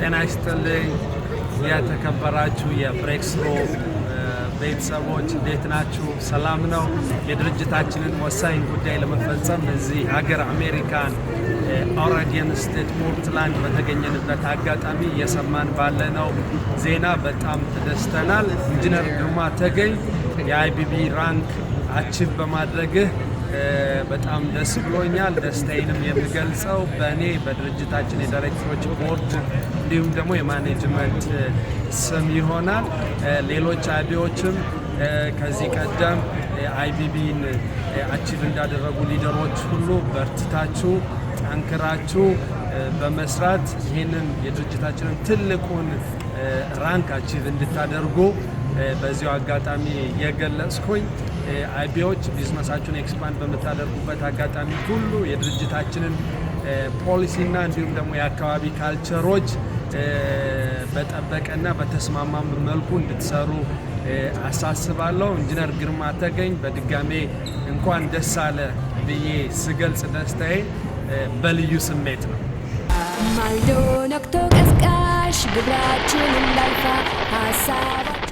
ጤና ይስጥልኝ። የተከበራችሁ የብሬክስሮ ቤተሰቦች እንዴት ናችሁ? ሰላም ነው? የድርጅታችንን ወሳኝ ጉዳይ ለመፈጸም እዚህ ሀገር አሜሪካን ኦረገን ስቴት ፖርትላንድ በተገኘንበት አጋጣሚ እየሰማን ባለነው ዜና በጣም ተደስተናል። ኢንጂነር ግርማ ተገኝ የአይቢቢ ራንክ አቺቭ በማድረግህ በጣም ደስ ብሎኛል። ደስታዬንም የምገልጸው በእኔ በድርጅታችን የዳይሬክተሮች ቦርድ እንዲሁም ደግሞ የማኔጅመንት ስም ይሆናል። ሌሎች አቢዎችም ከዚህ ቀደም አይቢቢን አቺቭ እንዳደረጉ ሊደሮች ሁሉ በርትታችሁ ጠንክራችሁ በመስራት ይህንን የድርጅታችንን ትልቁን ራንክ አቺቭ እንድታደርጉ በዚሁ አጋጣሚ የገለጽኩኝ አይቢዎች ቢዝነሳችሁን ኤክስፓንድ በምታደርጉበት አጋጣሚ ሁሉ የድርጅታችንን ፖሊሲና እንዲሁም ደግሞ የአካባቢ ካልቸሮች በጠበቀና በተስማማ መልኩ እንድትሰሩ አሳስባለሁ። ኢንጂነር ግርማ ተገኝ በድጋሜ እንኳን ደስ አለ ብዬ ስገልጽ ደስታዬ በልዩ ስሜት ነው። ማልዶ ነክቶ ቀስቃሽ ግብራችን እንዳልፋ ሀሳብ